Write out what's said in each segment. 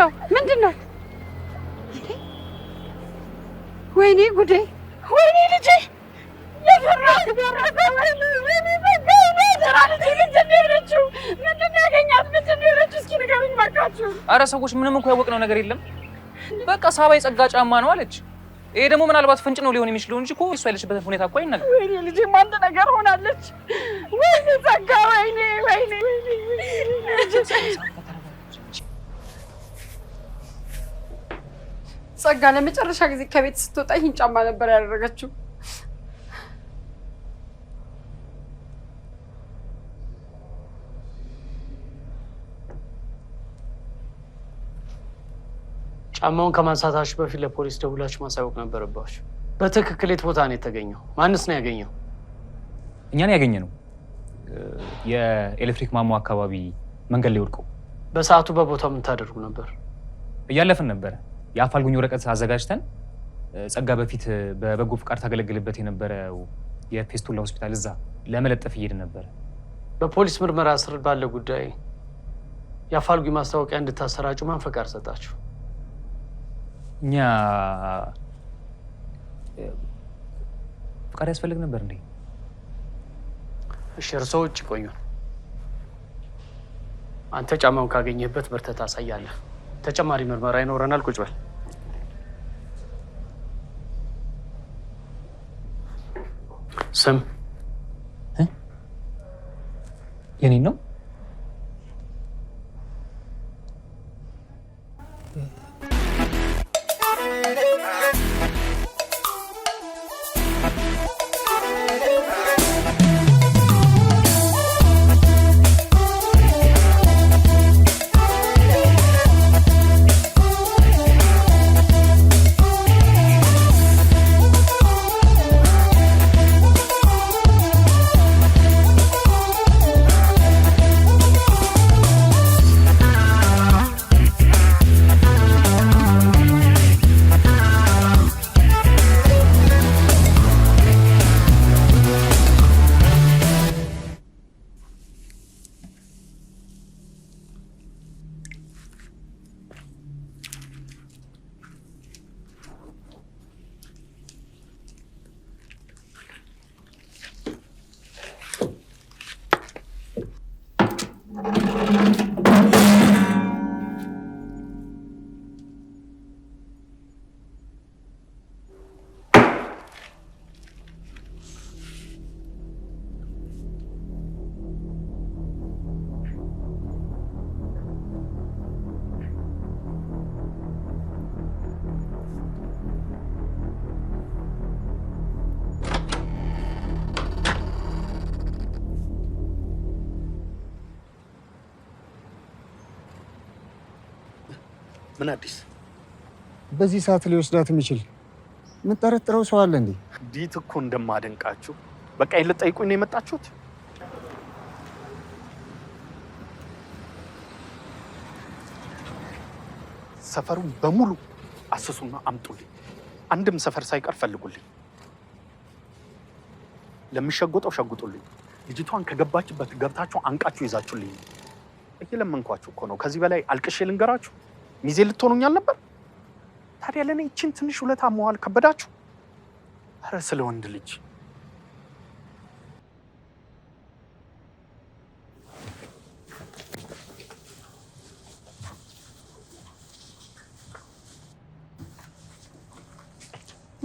ነው? ምንድን ነው? ወይኔ ጉዴ! ወይኔ ልጄ! አረ ሰዎች ምንም እንኳ ያወቅነው ነገር የለም። በቃ ሳባ የጸጋ ጫማ ነው አለች። ይሄ ደግሞ ምናልባት ፍንጭ ነው ሊሆን የሚችለው እንጂ እኮ እሱ ያለችበት ሁኔታ እኮ አይናገር። ወይኔ ልጄም ማንድ ነገር ሆናለች። ወይኔ ጸጋ! ወይኔ ወይኔ ጸጋ ለመጨረሻ ጊዜ ከቤት ስትወጣ ይህን ጫማ ነበር ያደረገችው። ጫማውን ከማንሳታችሁ በፊት ለፖሊስ ደውላችሁ ማሳወቅ ነበረባችሁ። በትክክል የት ቦታ ነው የተገኘው? ማንስ ነው ያገኘው? እኛን ያገኘ ነው የኤሌክትሪክ ማሞ አካባቢ መንገድ ላይ ወድቆ። በሰዓቱ በቦታው የምታደርጉ ነበር? እያለፍን ነበረ የአፋልጉኝ ወረቀት አዘጋጅተን ጸጋ በፊት በበጎ ፍቃድ ታገለግልበት የነበረው የፌስቱላ ሆስፒታል እዛ ለመለጠፍ እየሄድ ነበረ። በፖሊስ ምርመራ ስር ባለ ጉዳይ የአፋልጉኝ ማስታወቂያ እንድታሰራጩ ማን ፈቃድ ሰጣችሁ? እኛ ፍቃድ ያስፈልግ ነበር እንዴ? እሺ፣ እርሶ ውጭ ቆዩ። አንተ ጫማውን ካገኘህበት በርተህ ታሳያለህ። ተጨማሪ ምርመራ ይኖረናል። ቁጭ በል። ስም የኔ ነው። ምን አዲስ? በዚህ ሰዓት ሊወስዳት የሚችል የምጠረጥረው ሰው አለ እንዴ? ዲት እኮ እንደማደንቃችሁ በቃ ይህን ልጠይቁኝ ነው የመጣችሁት? ሰፈሩን በሙሉ አስሱና አምጡልኝ። አንድም ሰፈር ሳይቀር ፈልጉልኝ። ለሚሸጉጠው ሸጉጡልኝ። ልጅቷን ከገባችበት ገብታችሁ አንቃችሁ ይዛችሁልኝ። እየለመንኳችሁ እኮ ነው። ከዚህ በላይ አልቅሼ ልንገራችሁ? ሚዜ ልትሆኑኛል ነበር። ታዲያ ለእኔ ይችን ትንሽ ውለታ መዋል ከበዳችሁ? ኧረ ስለ ወንድ ልጅ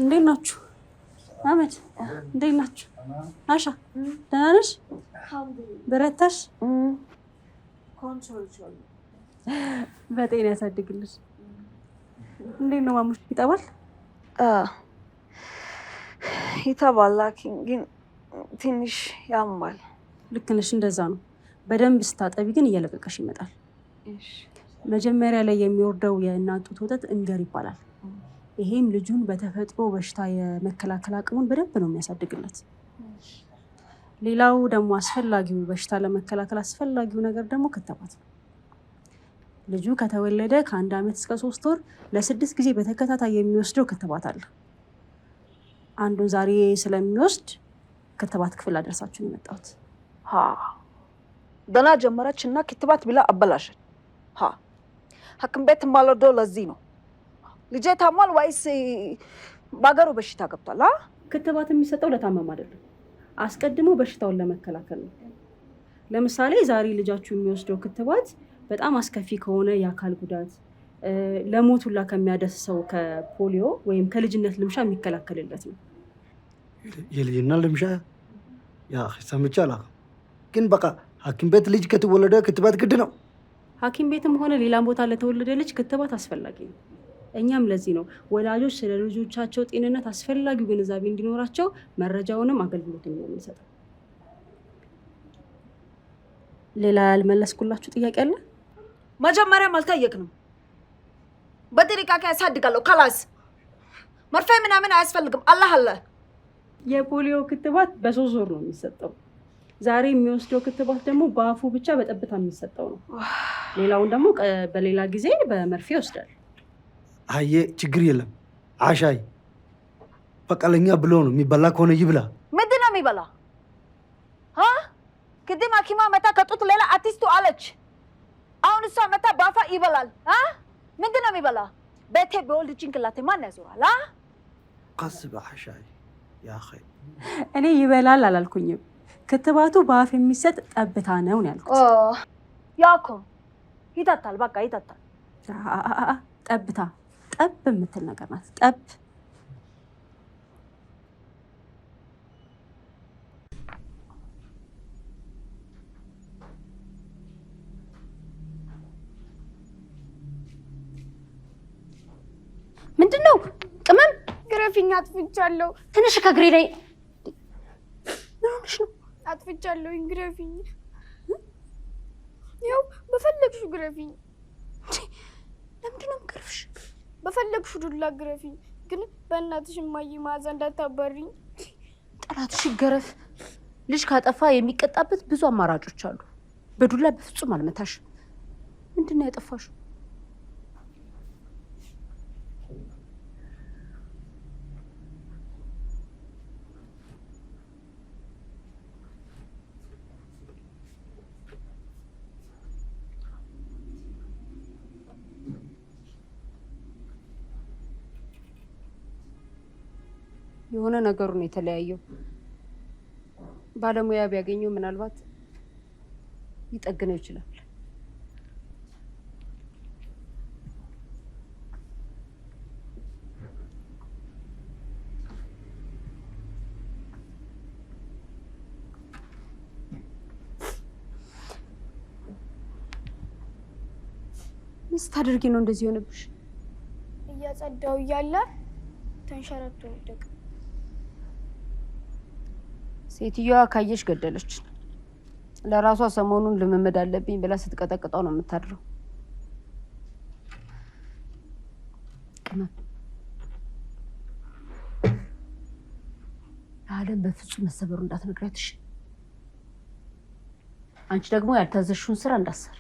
እንዴት ናችሁ? አመድ እንዴት ናችሁ? አሻ ደህና ነሽ? በረታሽ? በጤና ያሳድግልሽ። እንዴት ነው ማሙሽ? ይጠባል ይተባል፣ ላኪን ግን ትንሽ ያማል። ልክ ነሽ፣ እንደዛ ነው። በደንብ ስታጠቢ ግን እየለቀቀሽ ይመጣል። መጀመሪያ ላይ የሚወርደው የእናት ጡት ወተት እንገር ይባላል። ይሄም ልጁን በተፈጥሮ በሽታ የመከላከል አቅሙን በደንብ ነው የሚያሳድግለት። ሌላው ደግሞ አስፈላጊው በሽታ ለመከላከል አስፈላጊው ነገር ደግሞ ክትባት ነው። ልጁ ከተወለደ ከአንድ ዓመት እስከ ሶስት ወር ለስድስት ጊዜ በተከታታይ የሚወስደው ክትባት አለ። አንዱን ዛሬ ስለሚወስድ ክትባት ክፍል አደርሳችሁ የመጣሁት። ደህና ጀመረች እና ክትባት ብላ አበላሸን። ሐኪም ቤት ማለዶ ለዚህ ነው። ልጄ ታሟል ወይስ በሀገሩ በሽታ ገብቷል? ክትባት የሚሰጠው ለታመም አይደለም፣ አስቀድሞ በሽታውን ለመከላከል ነው። ለምሳሌ ዛሬ ልጃችሁ የሚወስደው ክትባት በጣም አስከፊ ከሆነ የአካል ጉዳት ለሞት ሁላ ከሚያደስሰው ከፖሊዮ ወይም ከልጅነት ልምሻ የሚከላከልለት ነው። የልጅና ልምሻ ያ ሰምቼ አላውቅም፣ ግን በቃ ሐኪም ቤት ልጅ ከተወለደ ክትባት ግድ ነው። ሐኪም ቤትም ሆነ ሌላም ቦታ ለተወለደ ልጅ ክትባት አስፈላጊ ነው። እኛም ለዚህ ነው ወላጆች ስለ ልጆቻቸው ጤንነት አስፈላጊው ግንዛቤ እንዲኖራቸው መረጃውንም አገልግሎትን ነው ሌላ ያልመለስኩላችሁ ጥያቄ አለ? መጀመሪያም አልታየክንም። በጥንቃቄ አሳድጋለሁ? ከላስ መርፌ ምናምን አያስፈልግም። አላህ አለ። የፖሊዮ ክትባት በሶስት ዞር ነው የሚሰጠው። ዛሬ የሚወስደው ክትባት ደግሞ በአፉ ብቻ በጠብታ የሚሰጠው ነው። ሌላውን ደግሞ በሌላ ጊዜ በመርፌ ይወስዳል። አየ ችግር የለም። አሻይ በቀለኛ ብሎ ነው የሚበላ ከሆነ ይብላ። ምንድን ነው የሚበላ? ቅድም ሐኪማ መታ ከጡት ሌላ አርቲስቱ አለች። ሰው መታ ባፋ ይበላል። ምንድን ነው የሚበላ? በቴ በወልድ ጭንቅላቴ ማን ያዞራል? ቀስ በሐሻይ ያ እኔ ይበላል አላልኩኝም። ክትባቱ በአፍ የሚሰጥ ጠብታ ነው ያልኩት። ያኮ ይጠጣል፣ በቃ ይጠጣል። ጠብታ ጠብ የምትል ነገር ናት። ጠብ ምንድን ነው ቅመም? ግረፊኝ፣ አጥፍቻለሁ። ትንሽ ከግሬ ላይ ምንሽ አጥፍቻለሁ፣ ግረፊኝ። ያው በፈለግሹ ግረፊኝ። ለምንድን ነው በፈለግሹ ዱላ ግረፊኝ፣ ግን በእናትሽ እማዬ መዓዛ እንዳታባሪኝ። ጠላትሽ ይገረፍ። ልጅ ካጠፋ የሚቀጣበት ብዙ አማራጮች አሉ። በዱላ በፍጹም አልመታሽ። ምንድን ነው ያጠፋሽው? የሆነ ነገሩ ነው የተለያየው። ባለሙያ ቢያገኘው ምናልባት ሊጠግነው ይችላል። ምን ስታደርጊ ነው እንደዚህ የሆነብሽ? እያጸዳው እያለ ተንሸረቶ ወደቀ። ሴትዮዋ ካየሽ ገደለች ለራሷ ሰሞኑን ልምምድ አለብኝ ብላ ስትቀጠቅጠው ነው የምታድረው። ቅመም ለአለም በፍጹም መሰበሩ እንዳትነግሪያትሽ። አንቺ ደግሞ ያልታዘሽውን ስራ እንዳሰር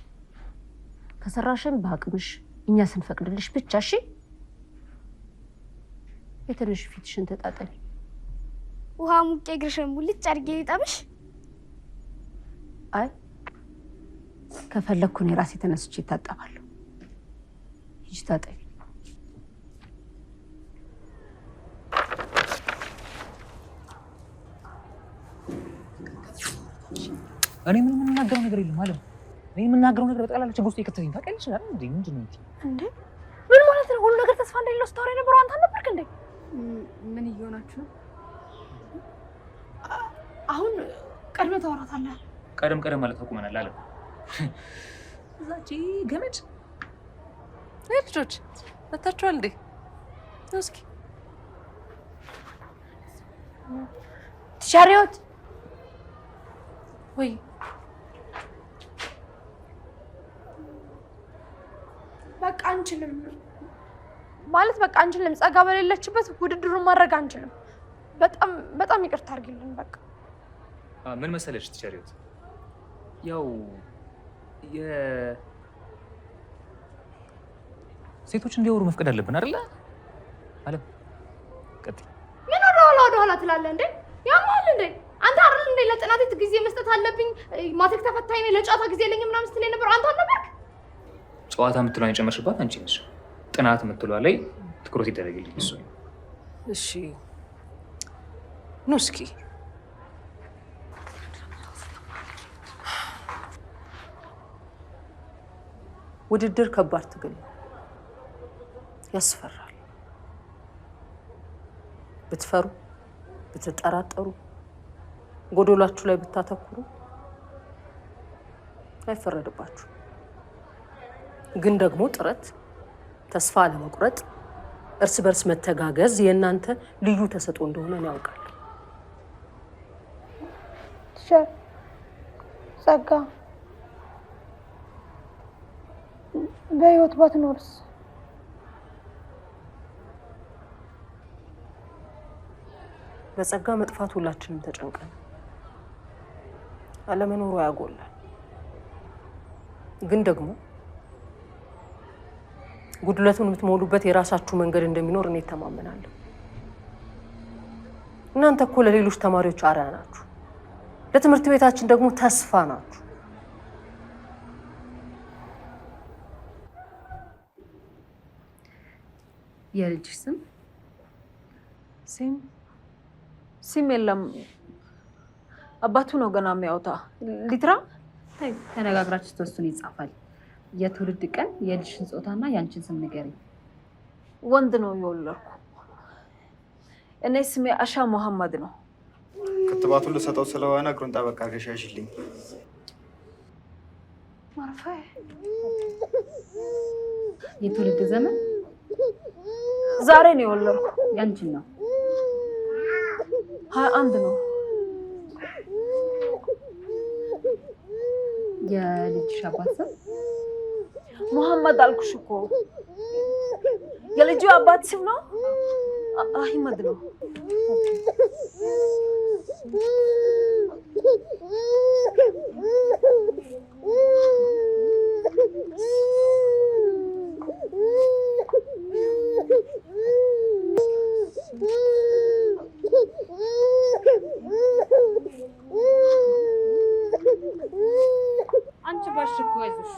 ከሰራሽን በአቅምሽ እኛ ስንፈቅድልሽ ብቻ። እሺ የትንሽ ፊትሽን ተጣጠኝ። ውሃ ሙቄ እግርሽን ሙልጭ አድርጌ ልጠብሽ። አይ ከፈለግኩ እኔ ራሴ ተነስቼ እታጠባለሁ። ሂጂ ታጠቢ። እኔ ምን የምናገረው ነገር የለም ማለት ነው። እኔ የምናገረው ነገር በጠቅላላ ችግር ውስጥ የከተተኝ ታውቂያለሽ አይደል? እንዴ ምንድን ነው እንዴ? ምን ማለት ነው? ሁሉ ነገር ተስፋ እንደሌለው ስታወራ የነበረው አንተ ነበርክ እንዴ? ምን እየሆናችሁ ነው? ቀድመ ቀድመህ አለ። ቀደም ቀደም ማለት ተቁመናል አለ እዛች ገመድ። ወይ ልጆች መታችኋል እንዴ? እስኪ ትሻሪዎት ወይ በቃ አንችልም ማለት በቃ አንችልም። ጸጋ በሌለችበት ውድድሩን ማድረግ አንችልም። በጣም በጣም ይቅርታ አድርግልን በቃ ምን መሰለሽ ቲቸር ያው ሴቶች እንዲያወሩ መፍቀድ አለብን አይደለ? አለም ቀጥይ። ምን ወደ ኋላ ወደ ኋላ ትላለህ እንዴ? ያማል እንዴ አንተ አይደል እንዴ ለጥናቴት ጊዜ መስጠት አለብኝ፣ ማትሪክ ተፈታኝ ነኝ፣ ለጨዋታ ጊዜ የለኝም ምናምን ስትለኝ ነበር። አንተ አልነበርክ? ጨዋታ የምትለዋን የጨመርሽባት አንቺ ነሽ። ጥናት የምትለዋ ላይ ትኩረት ይደረግልኝ እሱ። እሺ ኑ እስኪ ውድድር ከባድ ትግል ነው፣ ያስፈራል። ብትፈሩ፣ ብትጠራጠሩ፣ ጎዶላችሁ ላይ ብታተኩሩ አይፈረድባችሁ። ግን ደግሞ ጥረት፣ ተስፋ ለመቁረጥ እርስ በርስ መተጋገዝ የእናንተ ልዩ ተሰጥኦ እንደሆነ ያውቃል ጸጋ በህይወት ባትኖርስ? በጸጋ መጥፋት ሁላችንም ተጨንቀን አለመኖሩ ያጎላል። ግን ደግሞ ጉድለቱን የምትሞሉበት የራሳችሁ መንገድ እንደሚኖር እኔ እተማመናለሁ። እናንተ እኮ ለሌሎች ተማሪዎች አርያ ናችሁ፣ ለትምህርት ቤታችን ደግሞ ተስፋ ናችሁ። የልጅሽ ስም? ስም የለም። አባቱ ነው ገና የሚያወጣ። ሊትራ ተነጋግራችሁ ተወስኑ ይጻፋል። የትውልድ ቀን፣ የልጅሽን ጾታና የአንቺን ስም ንገሪ። ወንድ ነው የወለድኩ እኔ። ስሜ አሻ መሐመድ ነው። ክትባቱን ልሰጠው ስለሆነ እግሩን ጠበቃ ገሻሽልኝ። የትውልድ ዘመን ዛሬ ነው የወለድኩ። ያንቺን ነው ሀያ አንድ ነው የልጅሽ አባት ስም መሐመድ አልኩሽ እኮ የልጁ አባት ስም ነው አህመድ ነው። አንቺ ባሽ እኮ አይዞሽ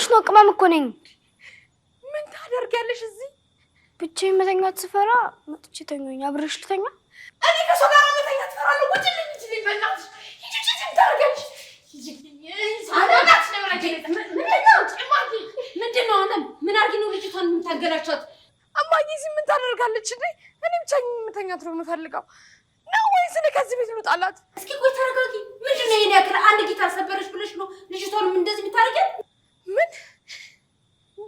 ሆነሽ ነው? ቅመም እኮ ነኝ። ምን ታደርጊያለሽ እዚህ? ብቻዬን መተኛት ስፈራ መጥቼ ተኛኝ። አብረሽ ልተኛ? እኔ ከሰው ጋር መተኛት እፈራለሁ። ወጭ ልኝ እንጂ በእናትሽ ምን ታደርጊያለሽ? ምንድን ነው አለም? ምን ታደርጋለች? እንዴ እኔ ነው የምፈልገው ነው ወይስ እኔ ከዚህ ቤት ልውጣላት? እስኪ ቆይ ተረጋጊ። ምንድን ነው ይሄን ያክል አንድ ሰበረች ብለሽ ነው ልጅቷንም እንደዚህ የምታደርጊያት? ምን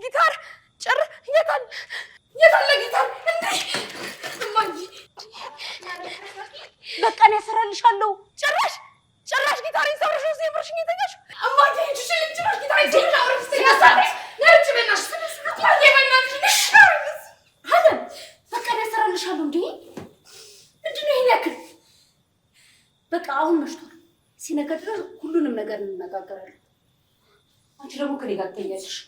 ጊታር ጭር የታለ ጊታር እንዴ Покрива ти єш.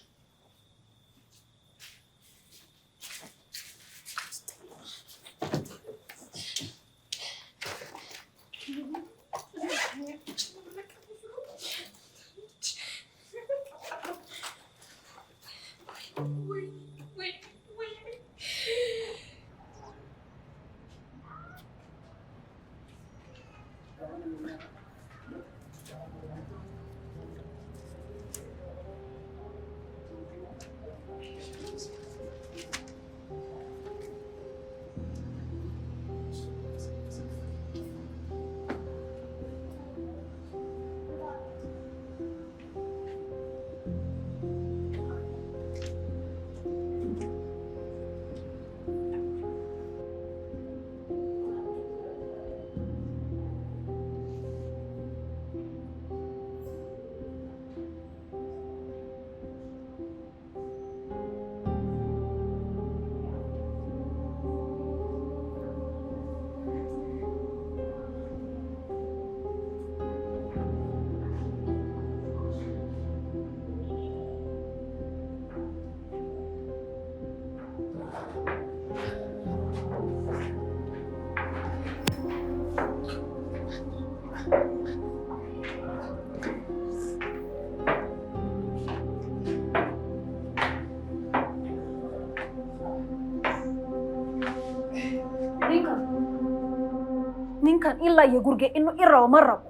ilaa iyo gurige inuu i rabo ma rabo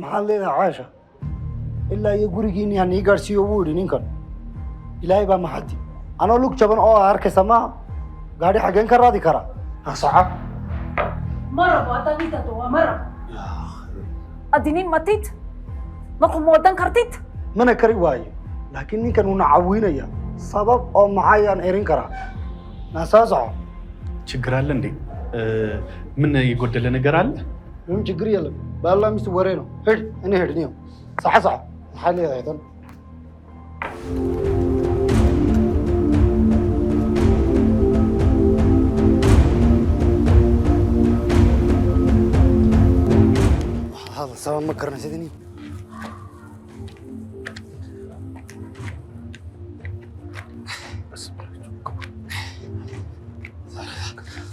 maxaad leedahay caasha ilaa iyo gurigiini han ii gaadhsiiyo buu idhi ninkan ilaahay baa maxadi anoo lug jaban oo a arkaysa maaha gaadhi xaggeen ka raadi karaa hasoca ma rabo addaitatoa ma rabo adinin matid makumu wadan kartid mana kari waayo laakiin ninkan uuna cawiinaya sabab oo maxayaan erin karaa naasaa soco jigar aale nde ምን የጎደለ ነገር አለ? ምንም ችግር የለም። ባላ ሚስት ወሬ ነው። ሂድ፣ እኔ ሂድ። ነው ሰዓ ሰዓ ሐለ አይተን ሰባ መከርና ሴትኒ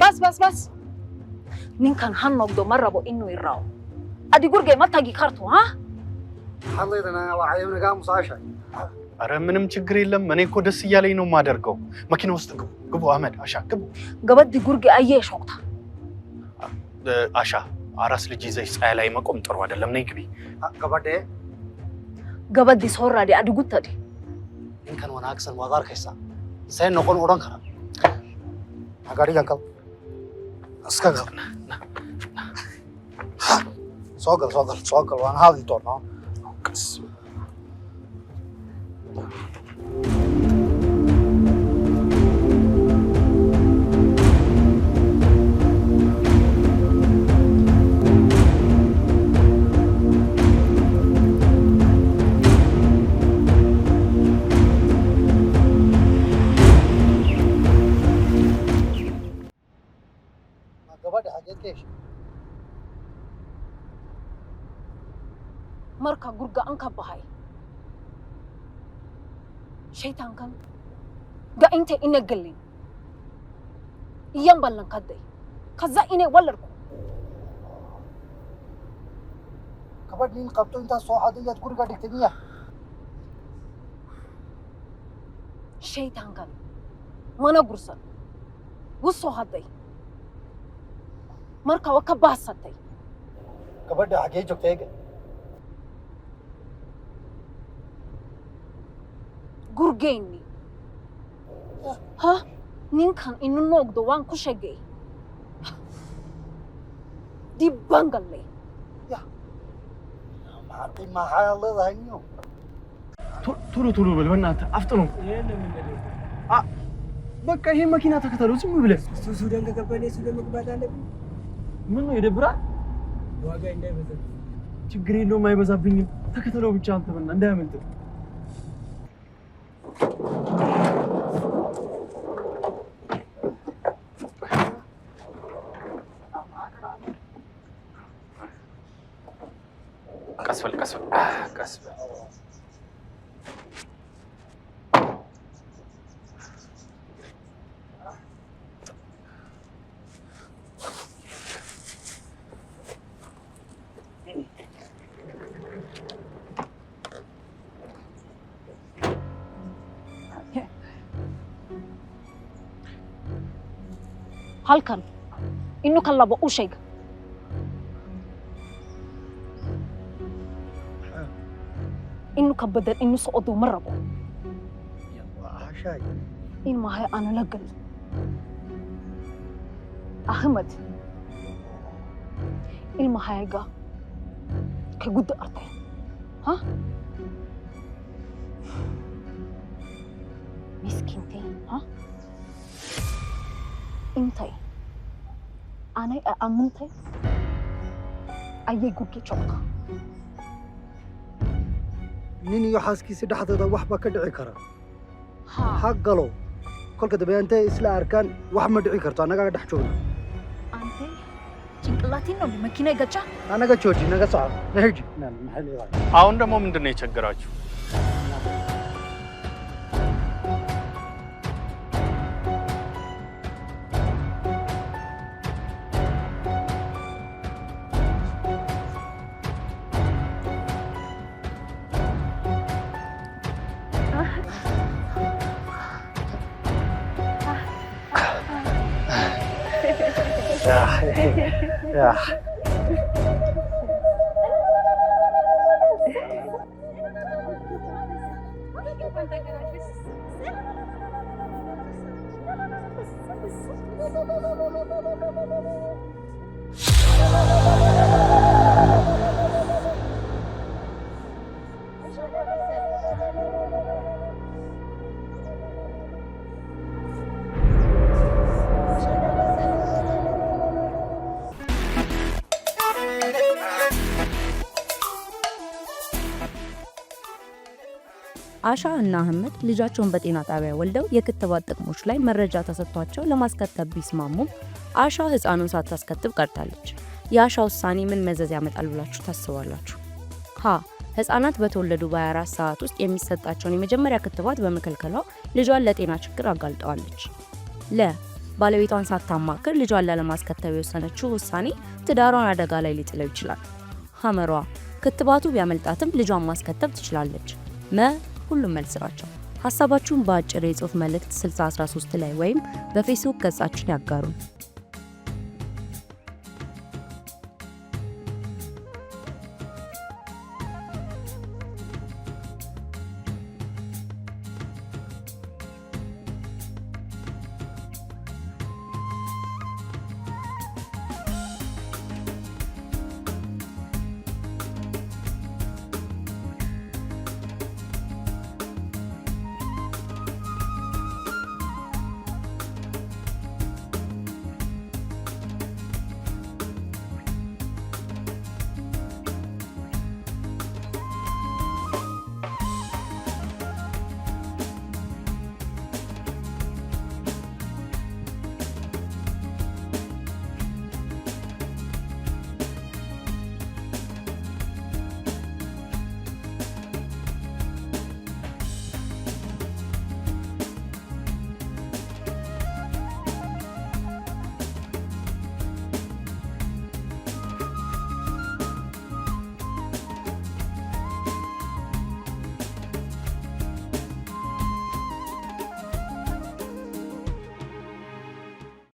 Bas, bas, bas. Ninkan han noqdo marrabo inuu iraawo. Adi gurgee ma tagi karto ha? አለና ዋዓየምነጋ ሙሳሻ አረ ምንም ችግር የለም። እኔ እኮ ደስ እያለኝ ነው የማደርገው። መኪና ውስጥ ግቡ፣ ግቡ። አህመድ አሻ ግቡ። ገበድ ጉርጌ አየ ሾቅታ አሻ አራስ ልጅ ይዘሽ ፀሐይ ላይ መቆም ጥሩ አይደለም። ነይ ግቢ። ገበድ ገበድ ሶራ ዲ አድጉት ተዲ እንከን ወና አክሰን ዋዛር ከሳ ሳይን ነው ቆን ኦሮን ከራ አጋሪ ያንከው iskaga soo gal soo gal soo gal waan hadli doonaa intay ina gelin iyan ballankaday kaza inay walarku gabadh nin qabto intaad soo xaday iyaad gurigaa dhigtay miya shaydaankan mana gursan wu soo hadday marka wa ka baasatay gabadha xaggee joogta ega gurgeynii Ha? Ninkan inunogdo waan ቶሎ ቶሎ አፍጥኖ። በቃ ይሄን መኪና ተከተለው ዝም ብለን ሱዳን ከገባን ሱዳን መግባት ምን ነው ይደብራል። ዋጋ እንዳይበዛ ችግር የለውም አይበዛብኝም። ተከተለው ብቻ አንተ በእናትህ እንዳያመልጥ كسوة الكسوة آه كسوة halkan inuu kan laba u sheega إنه كبدر إنه سقط ومرقوا يلا عشاي إن ما هي أنا لقل أحمد إن ما هي كقد أرتين ها مسكينتي ها إنتي أنا أأمنتي أيه قد كي nin iyo xaaskiisii dhexdooda waxba ka dhici kara ha galo kolka dambe intay isla arkaan wax ma dhici karto annagaa dhex joogna ጭንቅላቴን ነው መኪና ይገጫ። አነገ ቾጂ ነገ ሰዓት ነህጅ አሁን ደግሞ ምንድን ነው የቸገራችሁ? አሻ እና አህመድ ልጃቸውን በጤና ጣቢያ ወልደው የክትባት ጥቅሞች ላይ መረጃ ተሰጥቷቸው ለማስከተብ ቢስማሙም አሻ ህፃኑን ሳታስከትብ ቀርታለች። የአሻ ውሳኔ ምን መዘዝ ያመጣል ብላችሁ ታስባላችሁ? ሀ ህፃናት በተወለዱ በ24 ሰዓት ውስጥ የሚሰጣቸውን የመጀመሪያ ክትባት በመከልከሏ ልጇን ለጤና ችግር አጋልጠዋለች። ለ ባለቤቷን ሳታማክር ልጇን ላለማስከተብ የወሰነችው ውሳኔ ትዳሯን አደጋ ላይ ሊጥለው ይችላል። ሐመሯ ክትባቱ ቢያመልጣትም ልጇን ማስከተብ ትችላለች። መ ሁሉም መልስ ናቸው። ሀሳባችሁን በአጭር የጽሑፍ መልእክት 6013 ላይ ወይም በፌስቡክ ገጻችን ያጋሩን።